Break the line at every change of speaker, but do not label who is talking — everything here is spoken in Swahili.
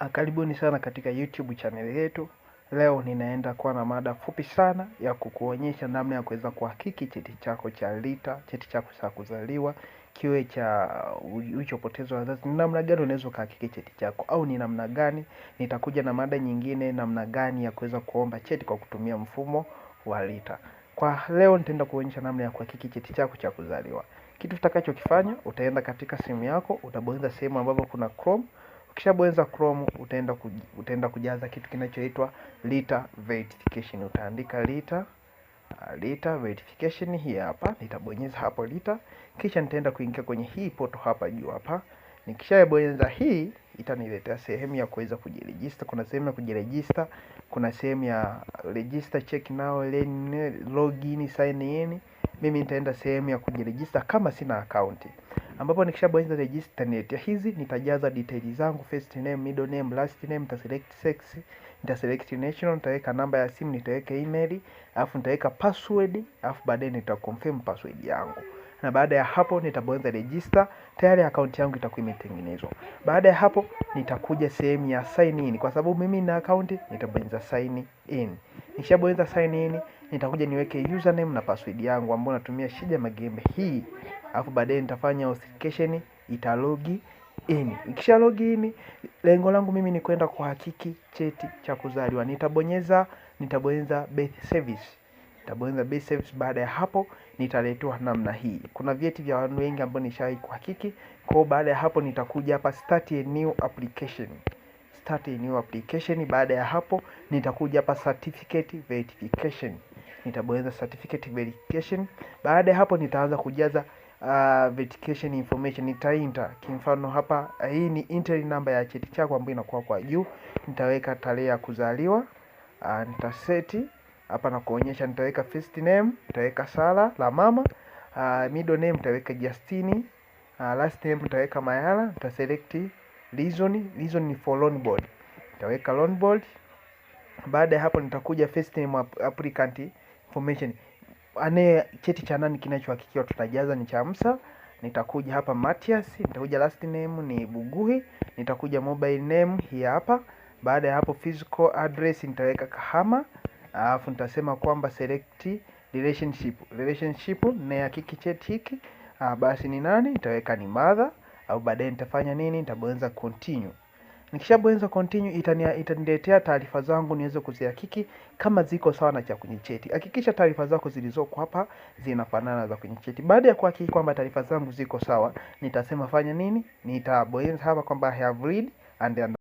Ah, karibuni sana katika YouTube channel yetu. Leo ninaenda kuwa na mada fupi sana ya kukuonyesha namna ya kuweza kuhakiki cheti chako cha LITA, cheti chako cha kuzaliwa, kiwe cha uh, ulichopotezwa wazazi. Ni namna gani unaweza kuhakiki cheti chako, au ni namna gani? Nitakuja na mada nyingine, namna gani ya kuweza kuomba cheti kwa kutumia mfumo wa LITA. Kwa leo nitaenda kuonyesha namna ya kuhakiki cheti chako cha kuzaliwa. Kitu utakachokifanya, utaenda katika simu yako, utabonyeza sehemu ambapo kuna Chrome Ukishabonyeza Chrome utaenda kuj, utaenda kujaza kitu kinachoitwa lita verification. Utaandika lita uh, lita verification hii hapa, nitabonyeza hapo lita, kisha nitaenda kuingia kwenye hii poto hapa juu hapa. Nikishabonyeza hii itaniletea sehemu ya kuweza kujirejista. Kuna sehemu ya kujirejista, kuna sehemu ya register, check now, login, sign in. Mimi nitaenda sehemu ya kujirejista kama sina akaunti ambapo nikishabonyeza register itaniletea hizi, nitajaza details zangu first name, middle name, last name, nitaselect sex, nitaselect national, nitaweka namba ya simu, nitaweka email, alafu nitaweka password, alafu baadaye nitaconfirm password yangu na baada ya hapo nitabonyeza register, tayari akaunti yangu itakuwa imetengenezwa. Baada ya hapo nitakuja sehemu ya sign in, kwa sababu mimi na akaunti, nitabonyeza sign in. Nishabonyeza sign in, nitakuja niweke username na password yangu ambayo natumia Shija Magembe hii, alafu baadaye nitafanya authentication, ita log in. Ikisha log in, lengo langu mimi ni kwenda kuhakiki cheti cha kuzaliwa. Nitabonyeza nitabonyeza birth service nitabonyeza birth service. Baada ya hapo, nitaletewa namna hii. Kuna vyeti vya watu wengi ambao nishawahi kuhakiki kwao. Baada ya hapo, nitakuja hapa start a new application start a new application. Baada ya hapo nitakuja hapa certificate verification, nitabonyeza certificate verification. Baada ya hapo nitaanza kujaza Uh, verification information nitainta kimfano hapa uh, hii ni enter number ya cheti chako ambayo inakuwa kwa juu. Nitaweka tarehe ya kuzaliwa uh, nitaseti hapa na kuonyesha, nitaweka first name, nitaweka sala la mama uh, middle name nitaweka Justini uh, last name nitaweka Mayala, nitaselect reason reason ni for loan board nitaweka loan board baada ya hapo nitakuja first name applicant information anaye cheti cha nani kinachohakikiwa tutajaza ni cha msa nitakuja hapa Matias nitakuja last name ni Buguhi nitakuja mobile name hii hapa baada ya hapo physical address nitaweka Kahama alafu nitasema kwamba select relationship relationship na hakiki cheti hiki ah, basi ni nani nitaweka ni mother au baadaye nitafanya nini nitabonyeza continue nikishabonyeza continue itaniletea taarifa zangu niweze kuzihakiki kama ziko sawa na cha kwenye cheti. Hakikisha taarifa zako zilizoko hapa zinafanana za kwenye cheti. Baada ya kuhakiki kwamba taarifa zangu ziko sawa, nitasema fanya nini? Nitabonyeza hapa kwamba I have read and